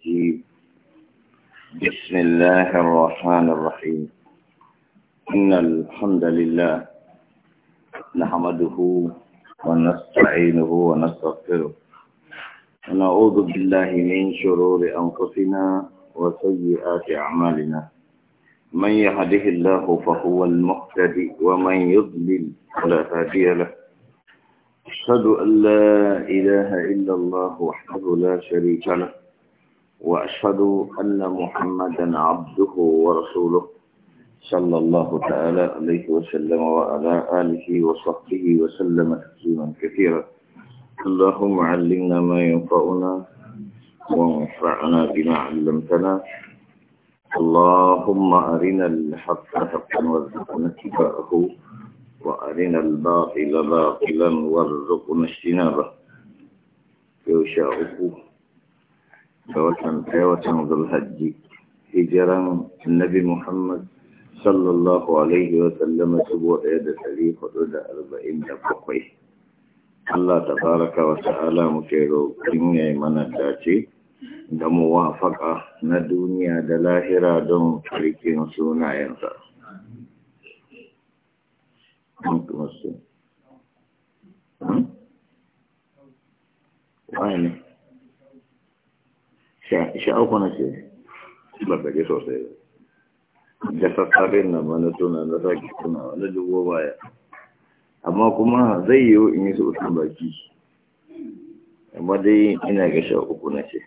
الرجيم بسم الله الرحمن الرحيم إن الحمد لله نحمده ونستعينه ونستغفره ونعوذ بالله من شرور أنفسنا وسيئات أعمالنا من يهده الله فهو المهتدي ومن يضلل فلا هادي له أشهد أن لا إله إلا الله وحده لا شريك له وأشهد أن محمدا عبده ورسوله صلى الله تعالى عليه وسلم وعلى آله وصحبه وسلم تسليما كثيرا اللهم علمنا ما ينفعنا وانفعنا بما علمتنا اللهم أرنا الحق حقا وارزقنا اتباعه وأرنا الباطل باطلا وارزقنا اجتنابه يوشاؤكم da watan ɗaya watan zulhajji hijiran annabi muhammad sallallahu alaihi wa sallama subo ɗaya da ɗari hudu da arba'in da bakwai Allah ta baraka wa ta'ala muke roƙin ya yi mana dace da wafaka na duniya da lahira don rikin sunayensa. Hmm? Wani? sha uku na ce babbage sosai da sassafin na mana tuna na sake tuna wani dubu baya amma kuma zai yiwu in yi su baki amma dai ina ga sha uku na ce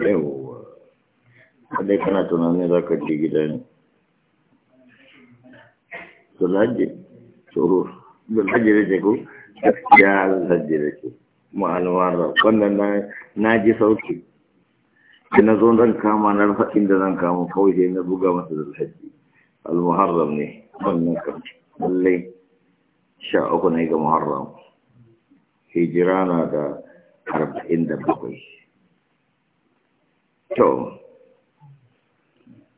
yawwa dai kana tunanin za ka je gida ne su laje tsoro da laje da ce ko ya laje da ke. ma'alwar wannan na ji sauki da na zo zan kama na rufa inda zan kama kawai sai na buga masa da alhaji al-muharram ne wannan kan lallai sha uku ne ga muharram hijira na da arba'in da bakwai to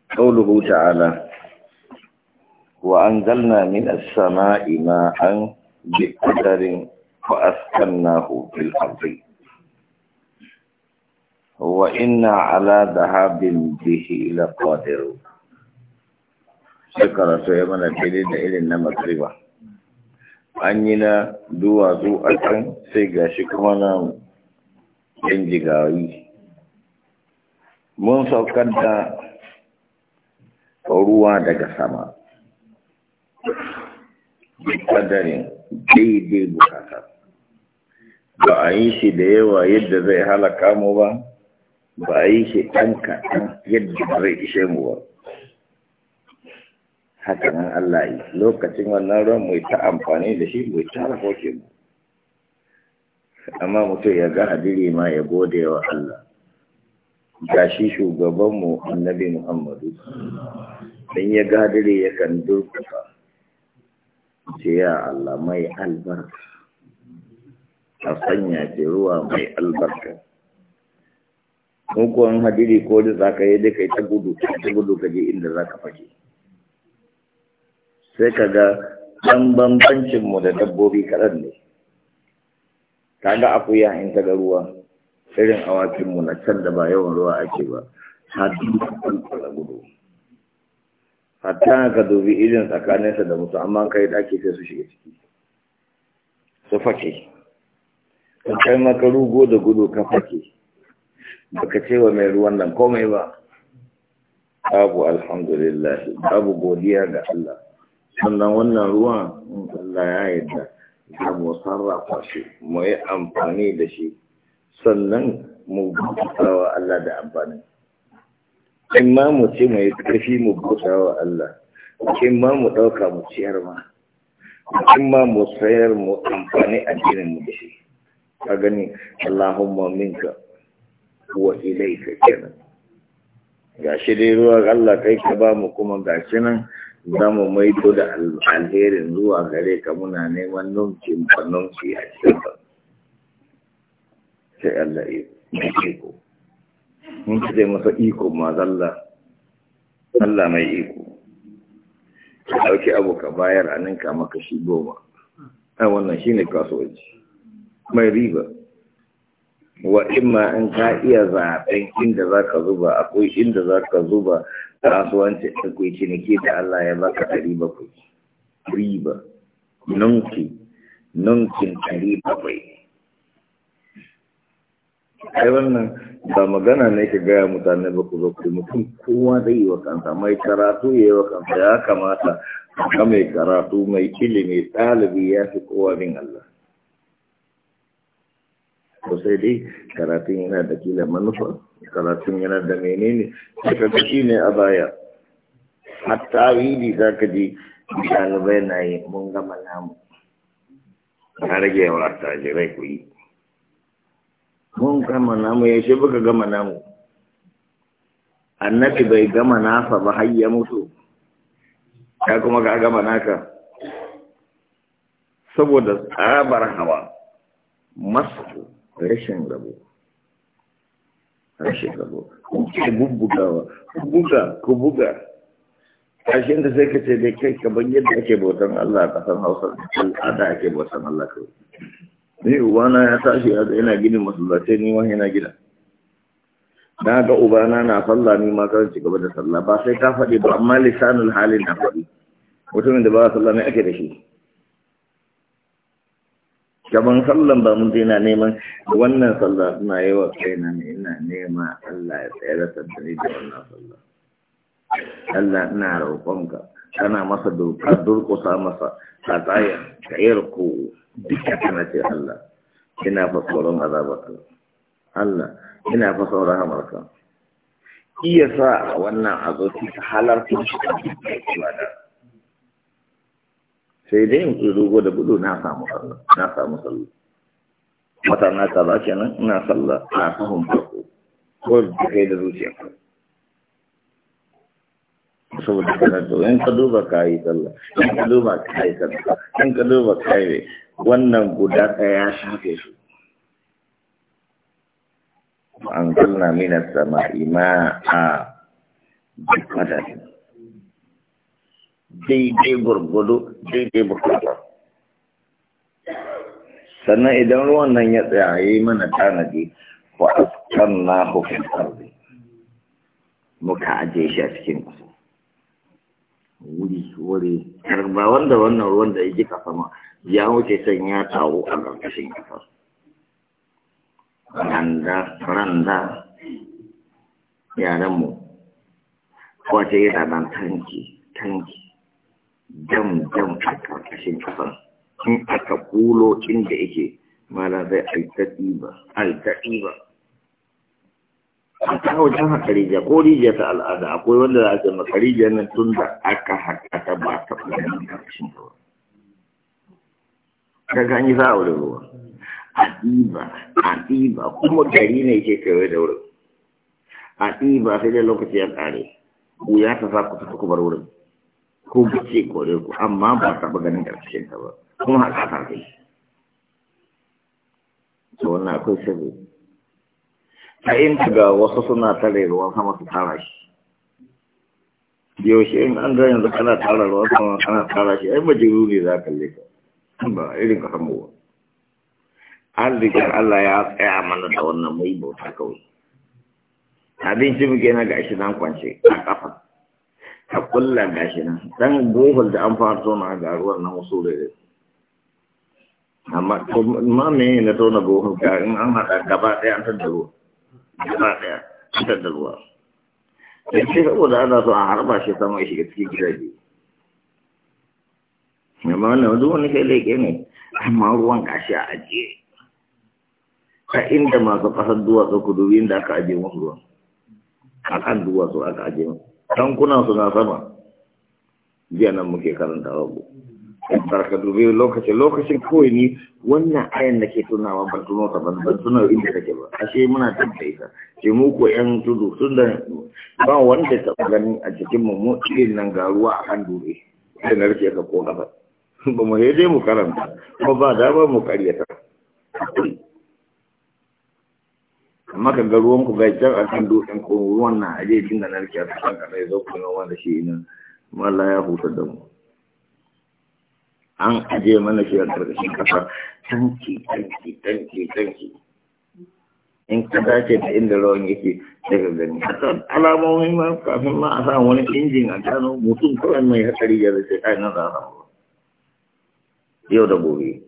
قوله تعالى وأنزلنا من an ماء بقدر فأسكناه في الأرض وإنا على ذهاب به mana شكرا da irin na النمطربة an yi na duwatsu a can sai ga shi kuma na yin jigawi mun saukar da ruwa daga sama kadarin daidai bukatar ba a yi shi da yawa yadda zai halaka mu ba ba a yi shi ɗan kaɗan yadda zai ishe mu ba haka nan Allah yi lokacin wannan ruwan mai ta amfani da shi mai ta hoke mu amma mutum ya ga hadiri ma ya gode wa Allah ga shi shugabanmu annabi Muhammadu don ya ga hadiri kan durkusa ce ya Allah mai albarka a sanya ce ruwa mai albarka mukuwan hadiri ko da za ka yi da kai ta gudu ta gudu ka je inda za ka fage sai ka ga ɗan bambancinmu da dabbobi kaɗan ne ka ga akuya in ta ga ruwa irin awakinmu na can da ba yawan ruwa ake ba ta gudu hatta ka dubi irin tsakaninsa da mutu amma kai ɗaki sai su shiga ciki su fake ka kai maka rugo da gudu ka fake baka ce wa mai ruwan nan komai ba babu alhamdulillah babu godiya ga Allah sannan wannan ruwan in Allah ya yarda za mu sarrafa shi mu yi amfani da shi sannan mu bauta wa Allah da amfani in ma mu ce mu yi ƙarfi mu bauta wa Allah in ma mu ɗauka mu ciyar ma in ma mu sayar mu amfani a addinin mu da shi ka gani Allahumma minka wa ilaika kenan shi dai ruwa Allah kai ka ba mu kuma shi nan za mu maido da alherin zuwa gare ka muna neman numci ba numci a cikin ba sai Allah ya iko mun ce masa iko ma zalla Allah mai iko ka dauki abu ka bayar ninka maka shi goma ai wannan shine kasuwanci mai riba wa imma in ka iya zaɓen inda za ka zuba akwai inda za ka zuba kasuwanci akwai ciniki da Allah ya baka ɗari bakwai riba nunki nunkin ɗari bakwai ai wannan ba magana ne ka gaya mutane ba ku zo ku mutum kowa zai yi wa kansa mai karatu ya yi wa kansa ya kamata ka mai karatu mai ilimi ɗalibi ya fi kowa bin Allah to sai dai karatun yana da kila manufa karatun yana da menene suka ga shi ne a baya hatta wili za ka ji ɗalibai na yi mun gama namu na rage yawan attajirai ku yi mun gama namu ya shi buka gama namu annabi bai gama nasa ba har ya mutu ya kuma ka gama naka saboda tsabar hawa masu rashin rabo rashin rabo kuke bubbugawa ku buga ku buga ƙarshen da sai ka ce dai kai kaban yadda ake bautan Allah a ƙasar Hausa al'ada ake bautan Allah kawai ni ubana ya tashi yana ginin masallatai ni ma yana gina na ga ubana na sallah ni ma kan ci gaba da sallah ba sai ka faɗi ba amma lisanul halin na faɗi mutumin da ba sallah ne ake da shi gaban sallan ba mun na neman wannan sallah suna yi wa kaina ne ina nema Allah ya tsayar da ni da wannan sallah Allah ina roƙonka kana masa doka durƙusa masa ka tsaya ka yi ruku duka kana ce Allah ina fa tsoron azabarka Allah ina fa tsoron hamarka iya sa wannan azoti ta halarta shi da sai dai in tsoro da gudu na samu sallah na samu sallah wata na kaza kenan ina sallah na sahun farko ko da kai da zuciya saboda kana to in ka duba kai sallah in ka duba kai sallah in ka duba kai wannan guda daya ya shafe shi an kulna minas sama'i ma a bi qadarin daidai gurgudu daidai bukata sannan idan ruwan nan ya tsaya ya yi mana tanadi wa askan na hufin arzi muka ajiye shi a cikin ƙasa wuri wuri ba wanda wannan ruwan da ya ji kafa ma ya wuce san ya taru a ƙarƙashin ƙasa randa randa yaranmu kwace yana nan tanki tanki dam dam a ƙarƙashin ƙasan in aka kulo inda yake mala zai aita ɗiba aita ɗiba a ta wajen haka rijiya ko rijiya ta al'ada akwai wanda za a ce maka rijiya nan tun da aka haƙa ta ba ta ɓangaren ƙarƙashin ruwa ka gani za a wuri ruwa a ɗiba a ɗiba kuma gari ne ke kewaye da wurin a ɗiba sai dai lokaci ya ƙare wuya ta sa ku tafi kubar wurin ko bace kore ku amma ba taɓa ganin ƙarshen ta ba kuma haka ta kai to wannan akwai sirri ta in ga wasu suna tare ruwan sama su tara shi yaushe in an ga yanzu kana tara ruwa sama kana tara shi ai majiru ne za ka leka ba irin ka samu ba an riga Allah ya tsaya mana da wannan mai bauta kawai abinci muke na gashi nan kwance a kafa ka kulla gashi nan dan bohol da an fara tona a garuwar nan wasu da amma ma me na tona bohol ka in an haɗa gaba ɗaya an ruwa. gaba ɗaya an tattaro da ko saboda ana so a harba shi sama shiga cikin gidaje amma wannan wajen wani kai leke ne amma ruwan gashi a ajiye ta inda masu ƙasar duwatsu ku dubi inda aka ajiye musu ruwan a kan duwatsu aka ajiye musu tankunan suna sama biya nan muke karanta babu barka dubi lokacin lokacin kawai ni wannan ayan da ke tunawa ban tuno ta ban ban tuno inda kake ba ashe muna tattaita ce mu ko yan tudu tun da ba wanda ta gani a cikin mu mu nan ga ruwa a kan dure sai na rike ka ko gaba ba mu dai mu karanta ko ba da ba mu karyata maka ga ruwan ku ga can a kan dutsen ko ruwan na aje jin da narke a kan kadai zo ku noma da shi ina malla ya huta da mu an aje mana shi a karkashin kasa tanki tanki tanki tanki in ka dace da inda rawan yake daga gani hatta alamomin ma kafin ma a sa wani injin a gano mutum kawai mai hatsari ya zai kai nan za a samu yau da gobe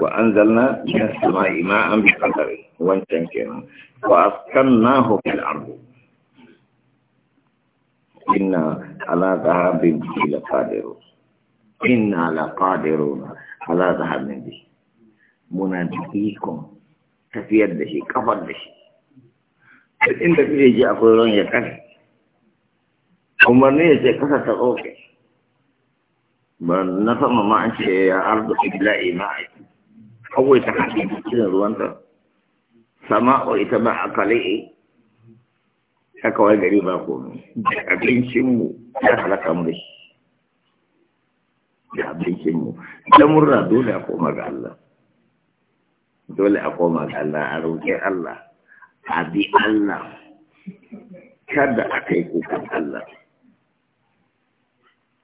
wa an zalna na sama ima'an bisantar wancan kenan wa askan na hukun arzu inna ala zahabin biki fadero inna ala fadero na ala zahabin biki muna jikin tafiyar da shi kafar da shi ƙarfin da zai ji akwai ran ya kasa umarni ya ce kasa ta tsoke ba na sama ma an ce ya arzu ila ima'a kawai ta haɗe cikin ruwanta Sama sama'u ita ba a e. ta kawai gari ba komi da abincinmu ya halaka mu da shi da abincinmu lamurra dole a koma ga Allah dole a koma ga Allah a roƙi Allah a bi Allah kada a kai kukan Allah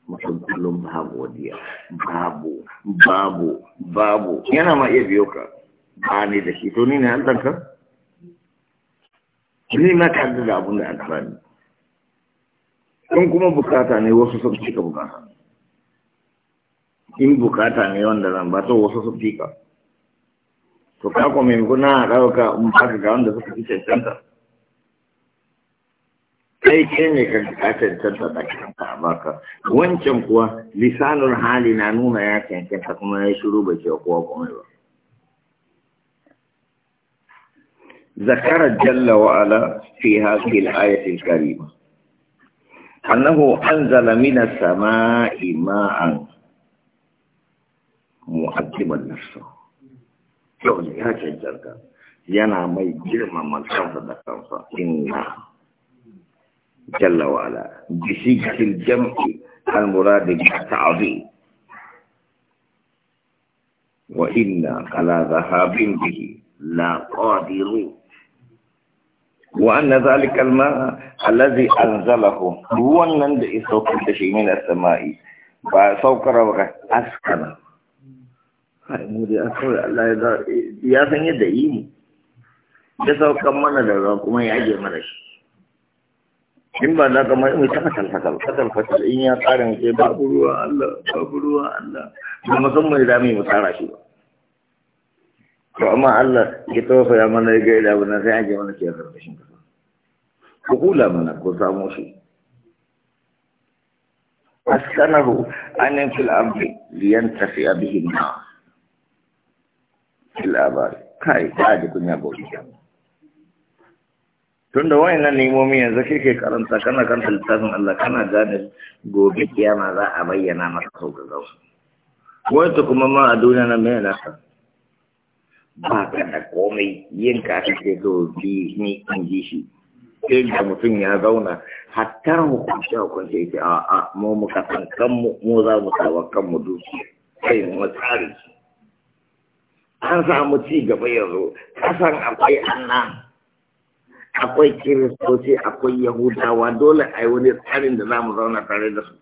mutum kullum babu wadiya babu babu babu yana ma iya biyo ka ba ne da shi to ni ne an ka ni na kaddu da abun da aka bani in kuma bukata ne wasu sun cika bukata in bukata ne wanda zan ba to wasu sun fika to ka kuma mai kuna ɗauka in ka ga wanda suka fi cancanta aiki ne ka bukatar tattata da kanka baka wancan kuwa lisanin hali na nuna ya kyankyanta kuma ya shiru ba kai kuwa kuma ba zakarar jalla wa ala fi haƙi al'ayatin gari annahu an zala mina sama ima'an mu'addiman nasa yau ne ya kyankyanta yana mai girmama mantar da kansa jalla wala bi sigatil jam'i al murad bi ta'dhi wa inna ala dhahabin bihi la qadiru wa anna dhalika al ma'a alladhi anzalahu huwa an da isauka da shi min as sama'i ba saukar wa askana hay mu da akwai Allah ya san yadda yi ne da saukar mana da ruwa kuma ya ajiye mana shi in ba za ka mai mai ta kasar kasal kasar in ya tsara mu ce babu ruwa Allah babu ruwa Allah ba mu san mai za mu tsara shi ba to amma Allah ya tofa ya mana ya gaida ba sai an je mana ke karkashin kasa ku kula mana ko samu shi askanahu anan fil amri liyantafi bihi ma fil abar kai ta ji kunya gobe jama'a tun da wayannan nemomi yanzu kake karanta kana kanta littafin Allah kana gane gobe kiyama za a bayyana maka sau ga wai wata kuma ma a duniya na mai nasa ba ka da komai yin ka kake bi ni in ji shi sai da mutum ya zauna hatta hukunce hukunci yake a a mu muka san kanmu mu za mu sawa kanmu duki sai mu tsari an samu ci gaba yanzu kasan akwai annan akwai kiristoci akwai yahudawa dole a yi wani tsarin da za mu zauna tare da su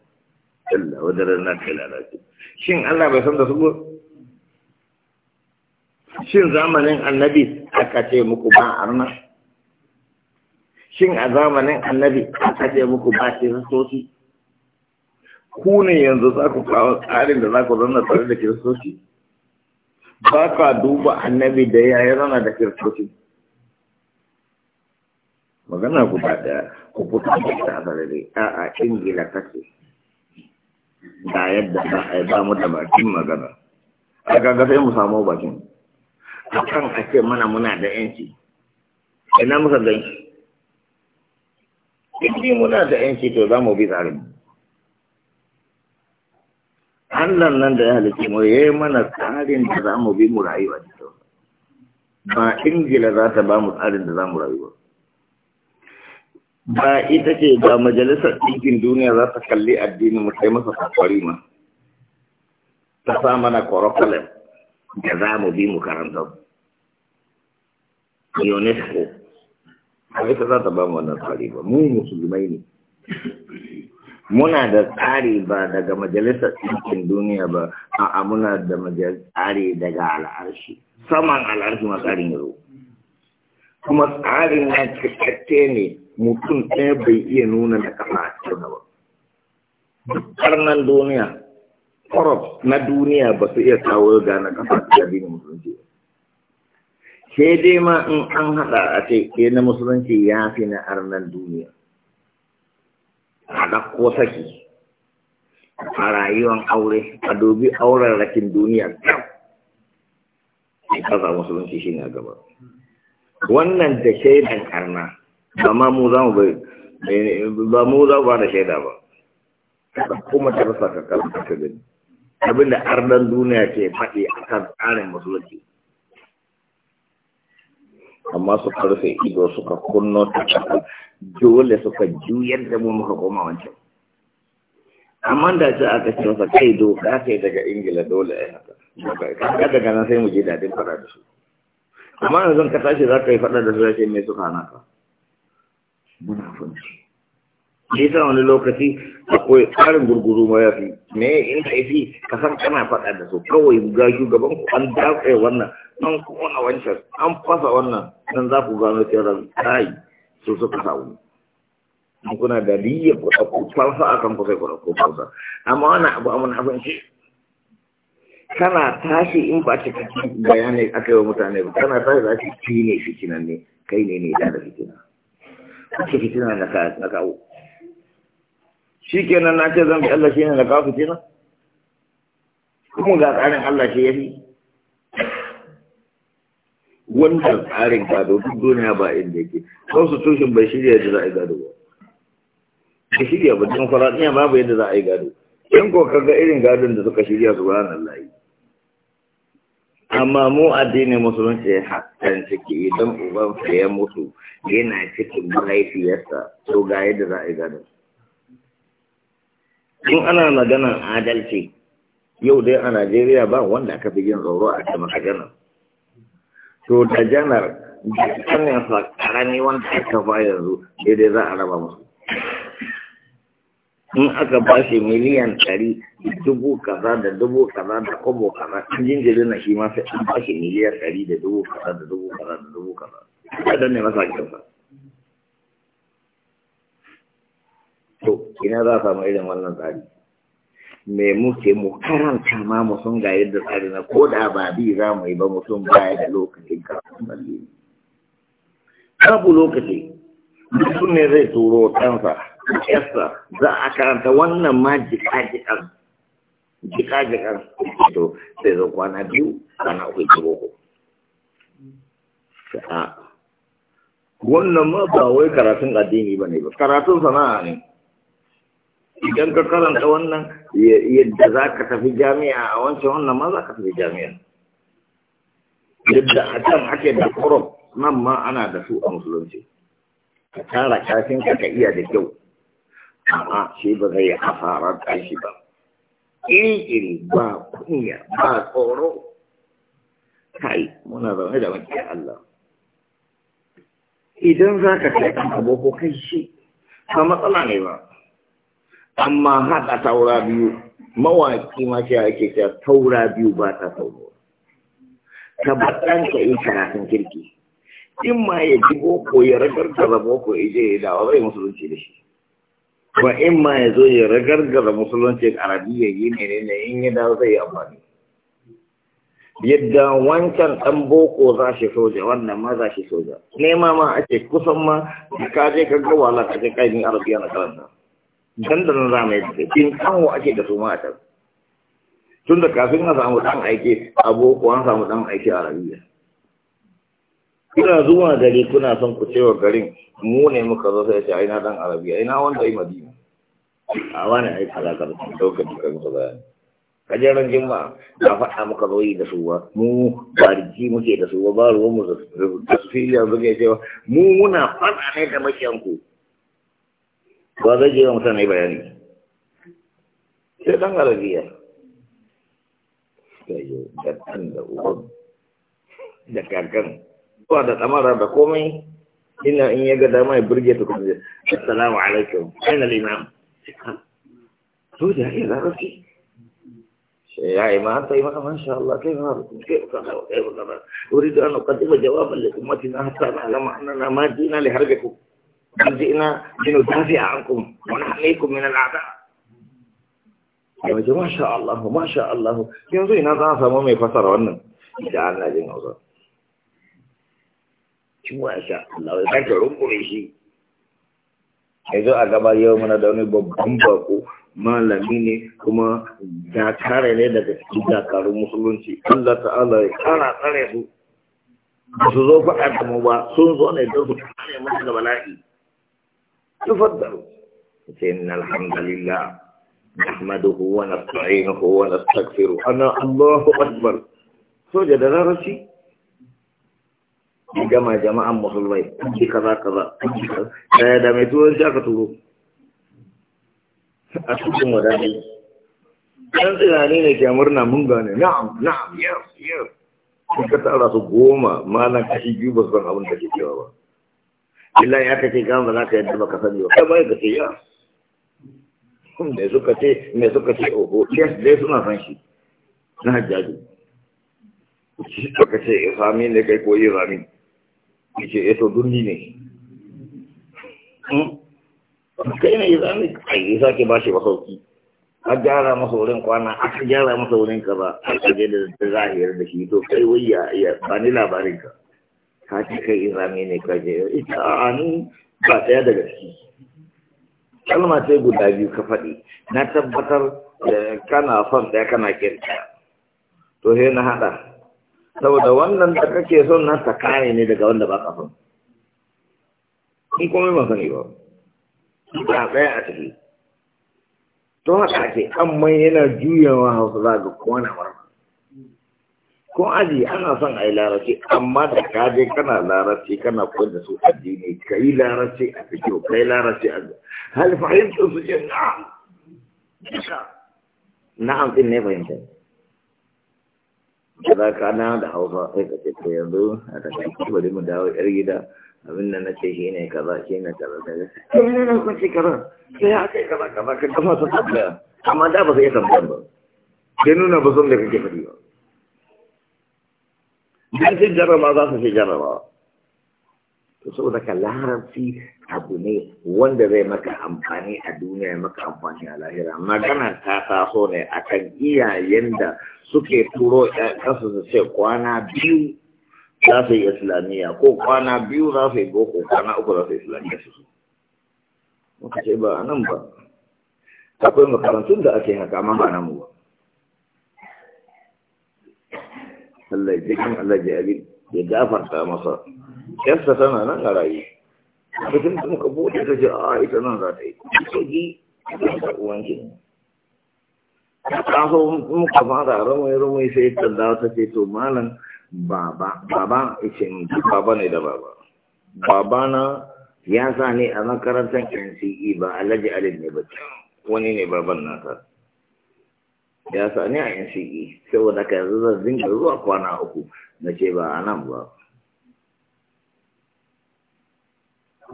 Allah wadda rana ta lalace shin Allah bai san da su ba shin zamanin annabi aka ce muku ba arna shin a zamanin annabi aka ce muku ba kiristoci ku ne yanzu za ku kawo tsarin da za ku zauna tare da kiristoci ba ka duba annabi da ya yi zauna da kiristoci magana guda da ku fito da ta sarari a a ingila kake da yadda za a yi ba mu da bakin magana a ganga sai mu samu bakin a kan a ce mana muna da yanci ina musa da yanci in muna da yanci to za mu bi tsarin Allah nan da ya halice mu yayi mana tsarin da za mu bi mu rayuwa ba ingila za ta ba mu tsarin da za mu rayuwa ba ita ce ga majalisar ɗinkin duniya za ta kalli addinin mu kai masa kwakwari ma ta sa mana curriculum da za mu bi mu karanta UNESCO ba ita za ta ba mu wannan tsari ba mu musulmai ne muna da tsari ba daga majalisar ɗinkin duniya ba a muna da tsari daga al'arshi saman al'arshi ma tsarin yaro kuma tsarin na cikakke ne mutum ɗaya bai iya nuna da kafa a cikin ba karnan duniya korof na duniya ba su iya kawo ga na kafa a cikin musulunci sai dai ma in an haɗa a ce ke eh, na musulunci ya fi na arnan duniya a ɗauko saki a rayuwar aure a dobi auren rakin duniya kyau a ƙasa musulunci shi ne gaba wannan da shaidan arna amma mu za mu bai ba mu za mu ba da shaida ba kuma ta rasa ka karanta ka gani abinda ardan duniya ke faɗi a kan tsarin musulunci amma su karfe ido suka kunno ta ƙasa dole suka juyar da mu muka koma wancan amma da ce aka ce masa kai doka kai daga ingila dole ya haka kaga daga nan sai mu je dadin fara da su amma yanzu ka tashi za ka yi faɗa da su ya ce me suka naka ka fanci ne sa wani lokaci akwai tsarin gurguru ma ya fi me in ka fi ka san kana faɗa da su kawai ga shugaban ku an dafe wannan an kona wancan an fasa wannan nan za ku gano kiran kai su suka samu in kuna da niyyar ku ɗauko falsa a kan ku sai ku ɗauko falsa amma wannan abu a fanci kana tashi in ba cikakken bayanai aka yi wa mutane ba kana tashi za su ci ne fitinan ne kai ne ne da fitina ake fitina na kawo shi kenan na ce zan bi Allah shi ne na kawo fitina kuma ga tsarin Allah shi ya fi wanda tsarin gado duk duniya ba inda yake sau su tushen bai shirya yadda za a yi gado ba ba shirya ba don faraɗiya ba yadda za a yi gado yan ko kaga irin gadon da suka shirya su ranar layi amma mu addinin musulunci ya hakan ciki idan uban ya mutu yana cikin mahaifiyarsa to ga yadda za a yi gado in ana maganar adalci yau dai a najeriya ba wanda aka fi yin tsoro a kan gana. to da janar da kanin sa karami wanda aka fa yanzu daidai za a raba musu in aka ba shi miliyan ɗari dubu kaza da dubu kaza da kobo kaza in jinjirin na shi ma sai an ba shi miliyan ɗari da dubu kaza da dubu kaza da dubu kaza ya danne masa kyauta to ina za a samu irin wannan tsari me muke mu karanta ma mu sun ga yadda tsari na ko da ba bi za mu yi ba mu sun baya da lokacin karatun balle babu lokaci mutum ne zai turo kansa yasa za a karanta wannan ma jika-jikan jika-jikan to sai zo kwana biyu kwana uku ji boko wannan ma ba wai karatun addini ba ne ba karatun sana'a ne idan ka karanta wannan yadda za ka tafi jami'a a wancan wannan ma za ka tafi jami'a yadda a can ake da kurof nan ma ana da su a musulunci ka tara kafin ka ka iya da kyau amma shi ba zai yi hasarar tashi ba ƙirƙiri ba kunya ba tsoro kai muna zaune da makiyar Allah idan za ka kai ɗan abu kai shi ba matsala ne ba amma haɗa taura biyu mawaƙi ma shi ake cewa taura biyu ba ta tauro ka baɗan ka yi karatun kirki in ma ya ji boko ya ragar da boko ya je ya dawa bai musulunci da shi wa in ma ya zo ya ragargara musulunci arabiya yi ne ne in ya dawo zai yi amfani yadda wancan ɗan boko za shi soja wannan ma za shi soja nema ma ake kusan ma ka je ka ga wala ka je kai arabiya na karanta dan za mu yi in ake da su ma a can tun da kafin a samu ɗan aiki a boko an samu ɗan aiki a arabiya kuna zuwa gari kuna son ku cewa garin mu ne muka zo sai ce ai na dan arabiya ai na wanda ai madina a wani ai kaza kaza lokaci kan su bayani kajeren jimma na faɗa muka zo yi da su ba mu ba rigi muke da su ba ba ruwan mu da su fili yanzu ke cewa mu muna faɗa ne da makiyanku ba zai je wa mutane bayani sai dan arabiya da yau da ɗan da uban da kankan ba da tsamara da komai ina in yaga dama ya burge ta kuma zai assalamu alaikum aina limam to da ya zara ki ya imam ta imam masha Allah kai ma kai ka kai ka uridu an uqaddima jawaban li ummatina hatta na'lamu annana ma jina li harbikum بل جئنا لندافع عنكم ونحميكم من الأعداء يا جماعة ما شاء الله ما شاء الله yanzu ina za a samu mai fasara wannan da Allah jin hausa shi mu Allah ya sake rungume shi yanzu yau mana da wani babban bako malami ne kuma da tare ne daga cikin dakarun musulunci Allah ta'ala ya kara tsare su ba su zo faɗa da mu ba sun zo ne don su kare mana da bala'i tafaddalu sai inna alhamdulillah nahmaduhu wa nasta'inuhu wa nastaghfiruh ana Allahu akbar so da larabci ya gama jama'an musulmai an kaza kaza Ta ci da mai tuwon aka turo a cikin wadani ɗan tunani ne ke murna mun gane na'am na'am yes yes sun ka tara su goma malam kashi biyu ba su san abin da ke cewa ba illa ya kace gama za ka yadda baka sani ba kai bai ka ce ya me suka ce me suka ce oho yes dai suna san shi na hajjaji suka ce sami ne kai koyi rami yace eh to dunni ne hmm? kai ne zami kai ke bashi masauki a gyara masa wurin kwana aka gyara masa wurin ka ba aka je da zahiyar da shi to kai wai ya ya ba ni labarin ka ka ce kai izami ne ka je ita an ni ba daya daga kalma guda biyu ka faɗi na tabbatar eh, kana son ɗaya kana kirkiya to he na hada. saboda wannan da kake son na ta kare ne daga wanda ba ka son in kuma ma sani ba ba tsaya a ciki to haka ake amma yana juyawa hausa za ga kowa na mara ko aji ana son a yi larabci amma da ka je kana larabci kana koyar da su addini ka yi larabci a fito ka yi larabci a hal fahimtar su ce na'am na'am din ne fahimtar kaza kana da hausa sai ka ce yanzu a takaice bari mu dawo yar gida abin da na ce shi ne za shi ne kaza kaza sai ne na kunci kaza sai ya kai ka za ka gama su tabbaya amma da ba su iya tambayar ba sai nuna ba sun da kake faɗi ba dan sai jarraba za su ce jarrabawa to saboda ka larabci abu ne wanda zai maka amfani a duniya ya maka amfani a lahira magana ta taso ne akan iyayen da suke turo ƙasa su ce kwana biyu za su yi islamiyya ko kwana biyu za su yi boko kwana uku za su yi islamiyya su muka ce ba nan ba akwai makarantun da ake haka amma ba nan ba Allah ya ji Allah ya ji ya gafarta masa yarsa tana nan a rayuwa. mutum da muka bude ta ce a ah, ita nan za ta yi ita ji ta uwan shi ne ta so muka fara ramai ramai sai ta da ta ce to malam baba baba ice baba ne da baba baba na ya sa ne a makarantar NCE ba alhaji alin ne ba wani ne baban ka. ya sa ne a NCE saboda ka yanzu zan dinga zuwa kwana uku na ce ba a nan ba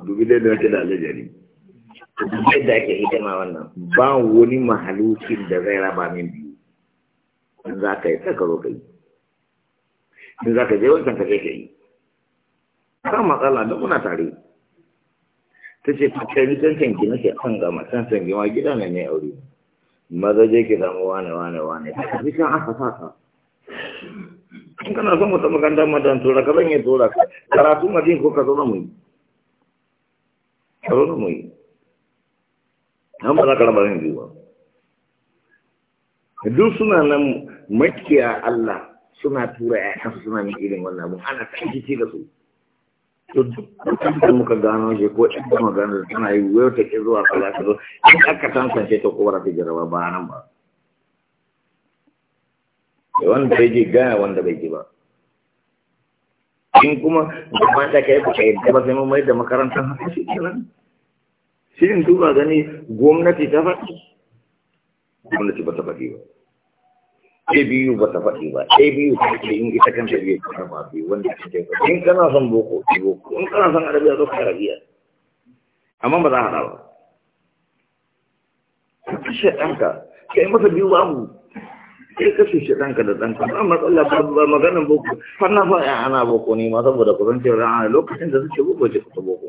dubi dai da da alajari yadda ake hidima wannan ba wani mahalukin da zai raba min biyu in za ka yi ta karo ka yi in za ka je wancan ka je ka yi ta matsala da muna tare ta ce fakari tantan ki nake an gama tantan gima gida na ne aure maza je ke samu wane wane wane ta kafi can aka ka. in kana son wata makarantar madan tura ka zan yi tura ka karatu madin ko ka zo na mu yi karo mu yi an ba za ka raba ba duk suna nan makiya Allah suna tura ‘ya'yansu suna mai irin wannan abu ana tsankici da su to duk da muka gano shi ko ɗan kuma gano da tana yi wayar ta ke zuwa kaza ta zo in aka tantance ta ko ta jaraba ba nan ba wanda bai je gaya wanda bai je ba in kuma da mata kai ba yi ba sai mun mai da makarantar haka sai in duba gani gwamnati ta faɗi gwamnati ba ta faɗi ba abu ba ta faɗi ba abu ta ce in ita kanta biyu ta ma wanda ta ce in kana son boko boko in kana son arabiya zo ka arabiya amma ba za a haɗa ba ka kashe ɗanka kai masa biyu babu sai kashe shi ɗanka da ɗanka ba matsala ba maganin boko har na fa'a ana boko ne ma saboda kusancewa lokacin da suke boko ce kusa boko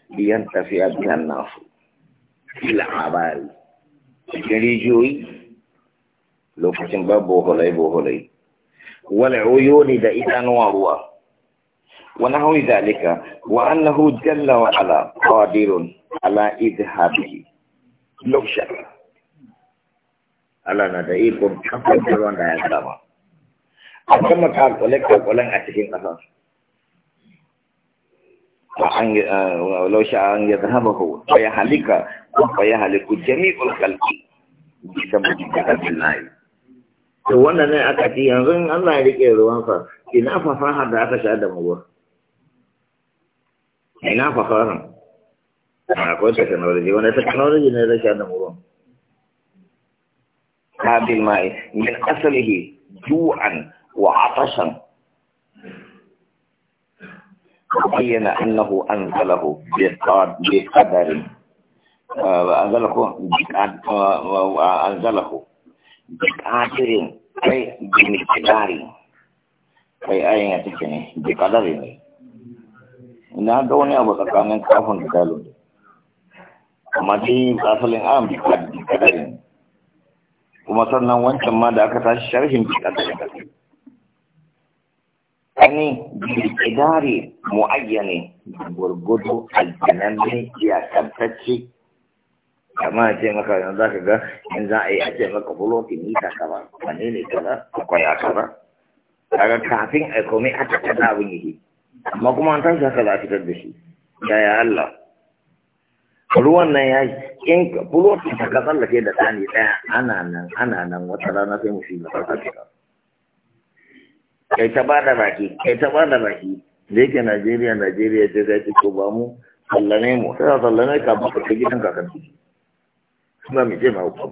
biyan tafiya biyan nasu labari cikin rijiyoyi lokacin ba boholai-boholai wala oyoni da idanuwa ruwa wani hau zalika wa annahu jalla wa ala qadirun ala idhabihi Lokacin ala na da iko kafin ruwan da ya sama a kama ka kakwalen a cikin kasa ولو شاء أن يذهبه فيهلك فيهلك جميع الخلق بسبب كتاب الله wanda ne aka ci yanzu in Allah ya rike ruwansa ina fasaha da aka sha da mu ina fasaha akwai technology wani technology ne da sha da mu kabil mai min asalihi ju'an wa atashan وبين أنه أنزله بقدر وأنزله وأنزله بقدر أي بمقدار أي أي يتكني بقدر ina abu tsakanin kafin da dalon amma dai asalin an bi kadarin kuma sannan wancan ma da aka tashi sharhin bi kadarin uh, يعني بمقدار muayyane gurgudu aljanan ne ya tabbaci kama ce maka yanzu za ka ga in za a yi a ce maka bulokin nita kama wani ne kaza akwai a kaza kaga kafin a komai a tattata abin yake amma kuma an ta haka za a fitar da shi yaya Allah ruwan nan ya yi in bulokin ta ka tsallake da tsani daya ana nan ana nan wata rana sai mu shi da farfafika kai ta ba da baki kai ta ba da baki da yake najeriya najeriya ce za ci ko ba mu sallame mu sai sallame ka ba ka gidan ka kan kuma suna mai ma ku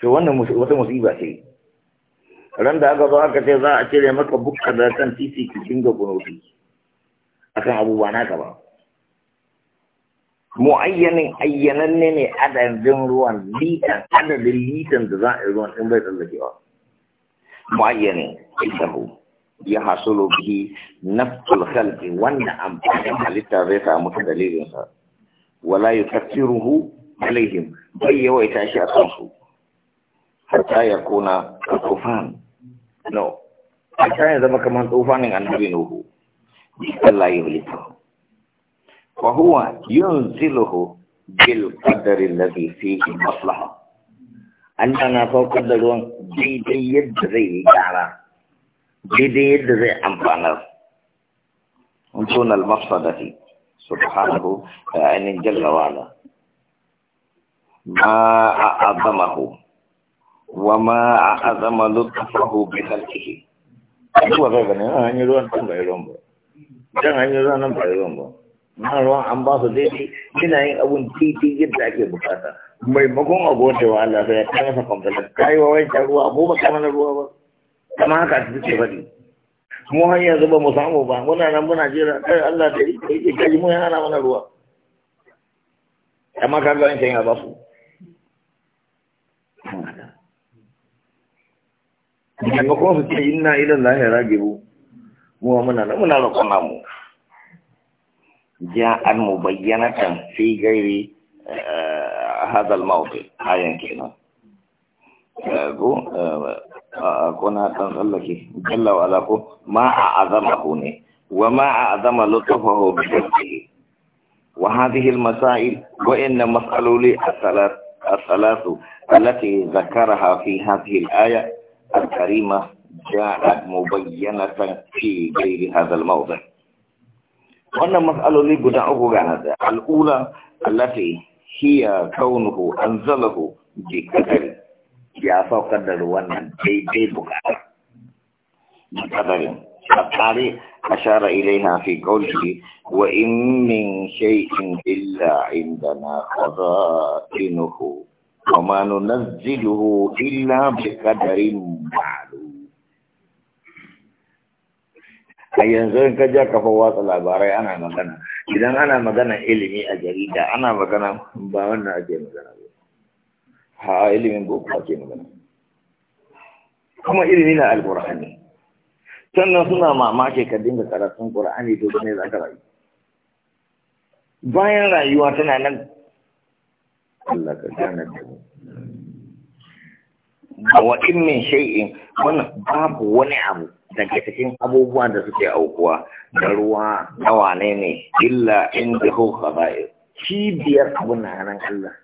to wannan wata musiba ce ran da aka zo aka ce za a cire maka bukka da kan titi ki dinga gunoti akan abubuwa naka ba mu'ayyanin ayyana ne adadin ruwan litan adadin litan da za a yi ruwan in bai tsallakewa bayan ilmu ya hasulu bi nafsul khalqi wanda amfani halitta zai samu ta dalilin sa wala yufassiruhu alaihim bai yawaita shi a kansu hatta ya kuna tufan no a kayan zama kamar tufanin annabi nuhu Allah ya yulita fa huwa yunziluhu bil qadari allazi fihi maslaha Allah na saukar da ruwan daidai yadda zai yi gyara daidai yadda zai amfanar fi su ta haɗu da ainihin jallawala ma a azama azamahu wa ma a azama lokacin bai lutfahu bi khalqihi zuwa ga ganin an hanyar ruwan tun bai ruwan ba dan hanyar ruwan nan bai ruwan ba na ruwan an ba su daidai suna yin abun titi yadda ake bukata maimakon a gode wa Allah sai ya kai masa kwamfutar kai wa wancan ruwa ko ba kamar ruwa ba kamar haka su ce ne mu har yanzu ba mu samu ba muna nan muna jira kai Allah da yake kai mu yana mana ruwa amma kaga wancan ya ba su maimakon su ce inna ilan lahi rage mu mu muna nan muna roƙon namu bayyana ta sai gairi هذا الموضع هاي كنا أه، أه، أتنقل لك جل وعلا ما أعظمه نه وما أعظم لطفه بجلده وهذه المسائل وإن مسألولي الثلاث الثلاث التي ذكرها في هذه الآية الكريمة جاءت مبينة في غير هذا الموضع وأن لي قد أقول الأولى التي hiya kaunuhu anzalahu bi kadari ya saukar da ruwan nan daidai bukata tsari a shara ashara na fi qawlihi wa in min shay'in illa indana qada'inuhu wa ma nunazziluhu illa bi qadarin ma'lum a yanzu in ka ja kafa watsa labarai ana magana idan ana magana ilimi a jarida ana magana ba wannan ake magana ba ha ilimin boko ake magana kuma ilimi na alkur'ani sannan suna mamaki ka dinga karatun qur'ani to ne za ka rayu bayan rayuwa tana nan Allah ka gane da mu wa in min shay'in wannan babu wani abu daga cikin abubuwan da suke aukuwa da ruwa da wane ne illa in da hukaba'i cibiyar abin na hannun Allah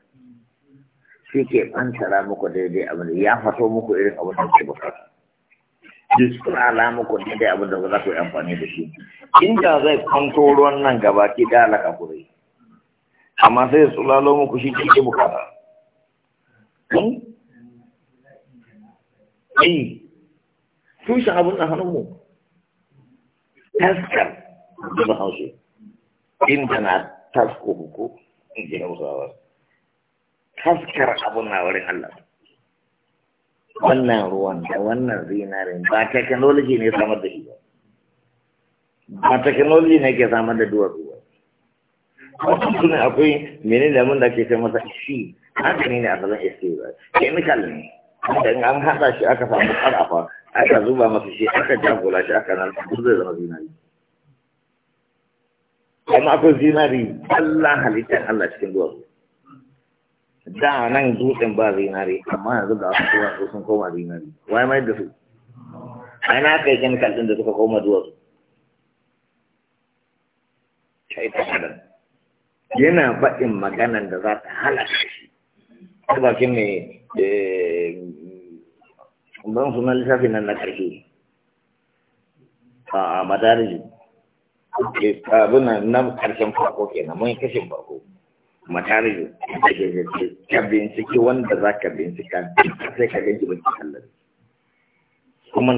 shi ke ɓantara muku daidai abin da ya fato muku irin abin da ke bukata suna ala muku daidai abin da za ku yi amfani da shi inda zai kwanto ruwan nan gaba ki da alaka kure amma sai tsulalo muku shi ke bukata hmm? eh. tushen abin a hannunmu taskar zuba haushe inda na tasko taskar abin na wurin Allah wannan ruwan da wannan zinarin ba technology ne samar da shi ba ba technology ne ke samar da duwatsu ba wasu akwai menene da mun da ke kai masa shi haka ne a asalin iske ba chemical ne idan an haɗa shi aka samu ƙarafa aka zuba masa shi aka jagula shi aka nan duk zai zama zinari amma akwai zinari Allah halittar Allah cikin duwatsu da nan dutsen ba zinari amma yanzu ga wasu su sun koma zinari wai mai da su ai na kai kemikal ɗin da suka koma duwatsu shaitan adam yana faɗin maganan da za ta halaka shi ta bakin mai ban sunan lissafin nan na ƙarfi a madariji abin na ƙarshen farko na mun kashin farko matariju da ke ke ka ciki wanda za ka bincika sai ka ganci ba ki kallon kuma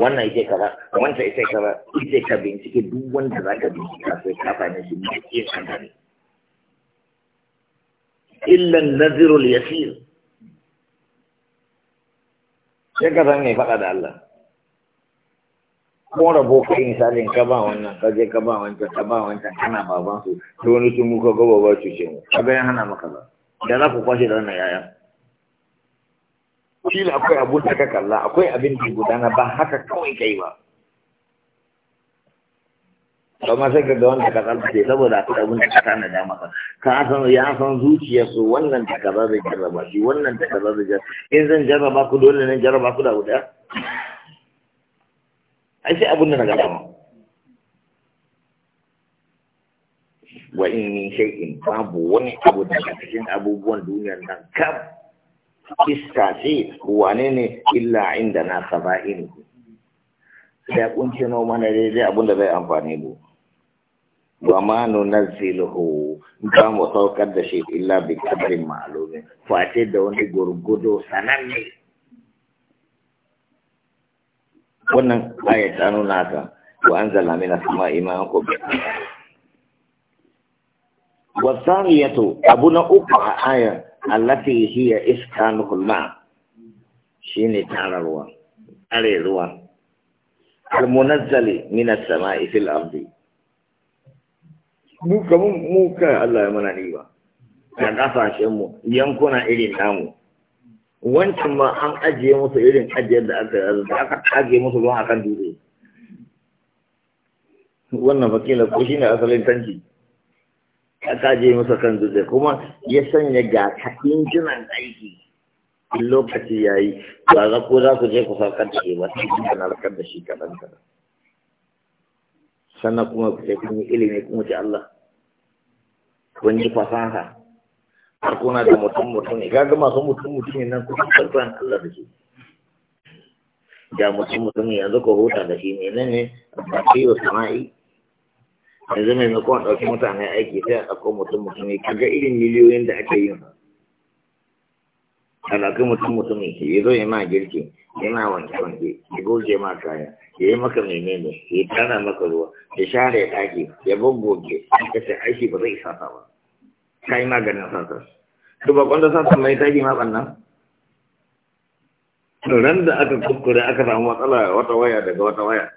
wannan ita kaza wanda ita kaza ita ka bin ciki duk wanda za ka ciki sai ka fahimci ne ke kanta illan nazirul yasir sai ka san mai faɗa da Allah kuma rabo kai misalin ka ba wannan ka je ka ba wancan ka ba wancan kana baban su to wani sun muka ba su ce mu ka bayan hana maka ba da za ku kwashe da wannan yayan shi akwai abun da ka kalla akwai abin da gudana ba haka kawai kai ba amma sai ka ga wanda ka ce saboda ka abin da ka tana da maka ka san ya san zuciyarsu wannan ta ka zai jarraba shi wannan ta ka zai jarraba in zan jarraba ku dole ne jarraba ku da guda ai sai abin da na gaba ma wa in min shay'in babu wani abu da cikin abubuwan duniyar nan kam iska ce wane ne illa inda na saba'in sai ya kunce mana na daidai abin da zai amfani mu wa ma nunazziluhu ba mu saukar da shi illa bi qadarin ma'lumin face da wani gurgudo sananne wannan aya ta nuna ka wa anzalna minas sama'i ma'an kubra wa thaniyatu na uku a aya allati hiya iskanuhul ma shine tararwa are ruwa al munazzali minas sama'i fil ardi mu kamun mu kai Allah ya mana riba da kasashen mu yankuna irin namu wancan ma an ajiye musu irin ajiyar da aka da aka ajiye musu ruwan akan dutse wannan fakila ko shine asalin tanki ka ajiye musu kan dutse kuma ya sanya ga injinan aiki lokaci yayi ba za ko za ku je ku saukar da shi ba sai kun da shi kaɗan kaɗan sannan kuma ku sai kun yi ilimi kuma ce Allah kun yi fasaha har kuna da mutum mutum ne kaga masu mutum mutum ne nan kuma kalban Allah da shi da mutum mutum ne yanzu ko huta da shi ne nan ne ba shi wa sama'i yanzu maimakon a ɗauki mutane aiki sai a ɗauko mutum mutum ne kaga irin miliyoyin da ake yin sa alaƙi mutum mutumin shi ya zo ya ma girki ya ma wanke wanke ya goge ma kaya ya yi maka menene ya tana maka ruwa ya share ɗaki ya goggoge ka ce aiki ba zai sasa ba ka yi maganin sasa to ba kwanda sasa mai taki ma ɓannan ran da aka kuskure aka samu matsala wata waya daga wata waya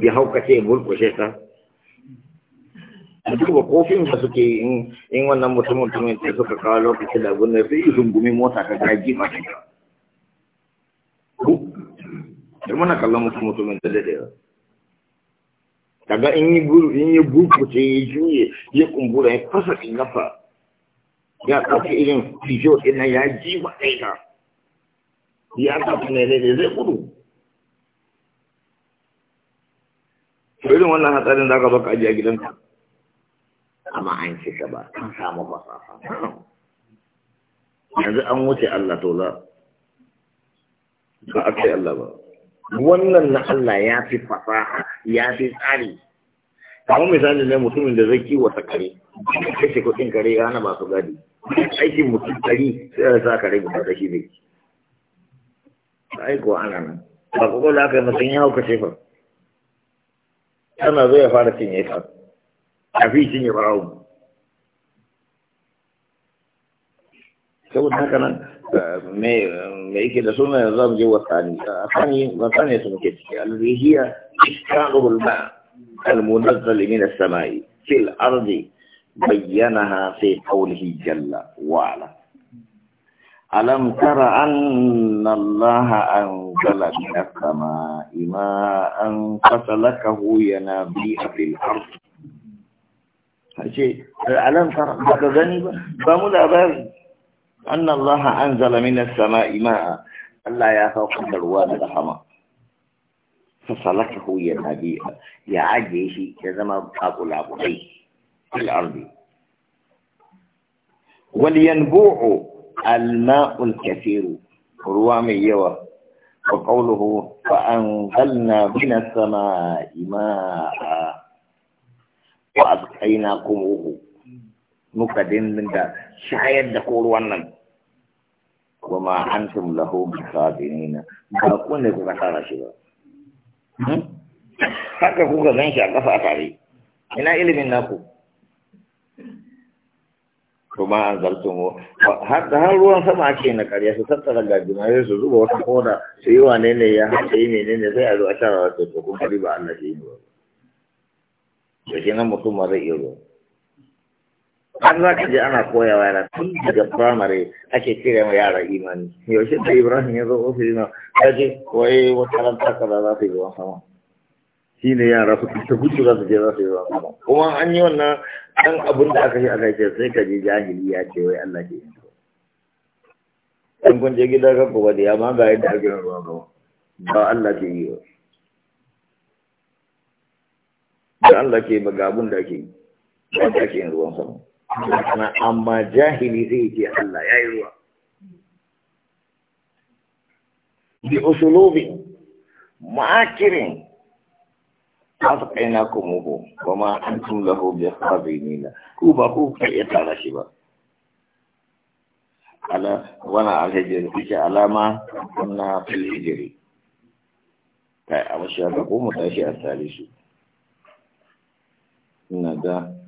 ya haukace ya burkushe ta duba kofin da suke in in wannan mutumin mutumin ta suka kawo lokaci da abin da sai zungumi mota ka gaji ba shi da mana kallon mutum mutumin da ba. daga in yi guru in yi bukuce yi juye ya kumbura ya fasa in gafa ya ɗauki irin fijo ɗin ya ji ba ɗai ka ya kafa ne daidai zai gudu irin wannan hatsarin da ka baka ajiye a gidanka amma an ce ta ba an samu fasafa yanzu an wuce Allah to za ba a ce Allah ba wannan na Allah ya fi fasaha ya fi tsari kamar misali ne mutumin da zai kiwata kare ce kuɗin kare ya hana masu gadi aikin mutum kare sai ya sa kare guda da shi ne ai ko ana nan ba da aka yi mutum ya hau kashe fa tana zai fara cinye ta في فرعون يبراهم سوت هكذا ما ما يكيد سونا نظام جوا ثاني ثاني ما ثاني اسمه كذي اللي هي إسقاط الماء المنزل من السماء في الأرض بينها في قوله جل وعلا ألم تر أن الله أنزل من السماء ما أنفسلكه ينابيع في الأرض هادشي الاعلام هكا جانب فمولا بارد ان الله انزل من السماء ماء الله يا فوق الواد الحما فصلكه يا نبي يا عجيشي كذا ما ابو لابو في الارض ولينبوع الماء الكثير روام يوا وقوله فانزلنا من السماء ماء wa azkaina kumuhu muka da shayar da ko ruwan nan kuma antum lahu musadinina ba ku ne kuka tara shi ba hmm? haka kuka zan shi a kafa a tare ina ilimin naku kuma an zartun mu har ruwan sama ake na karya su tattara gajimare su zuba wata koda su yi wa ne ya haɗe menene sai a zo a tara wata ko kuma ba Allah shi yi ba yake nan mutum ba zai iya ruwa an za ka je ana koya wa yara tun daga firamare ake cire ma yara imani yaushe da ibrahim ya zo ofis na kaje koyi makaranta kaza za su yi ruwan sama shi ne yara su ta gudu za su je za su yi ruwan sama kuma an yi wannan ɗan abin da aka yi aka ce sai ka je jahili ya ce wai allah ke yin in kun je gida ka kuma da yamma ga yadda ake yin ruwan sama ba allah ke yi wa Allah ke magabun da ke wanda ke ruwan sama na amma jahili zai je Allah ya yi ruwa bi usulobi makirin a tsakai na kuma ko ba ma an tun laho biya sabi ne na ku ba ku ka iya tara shi ba ala wana alhijiri kuke alama na filhijiri kai a mashi haka ko mu tashi a tsari the uh,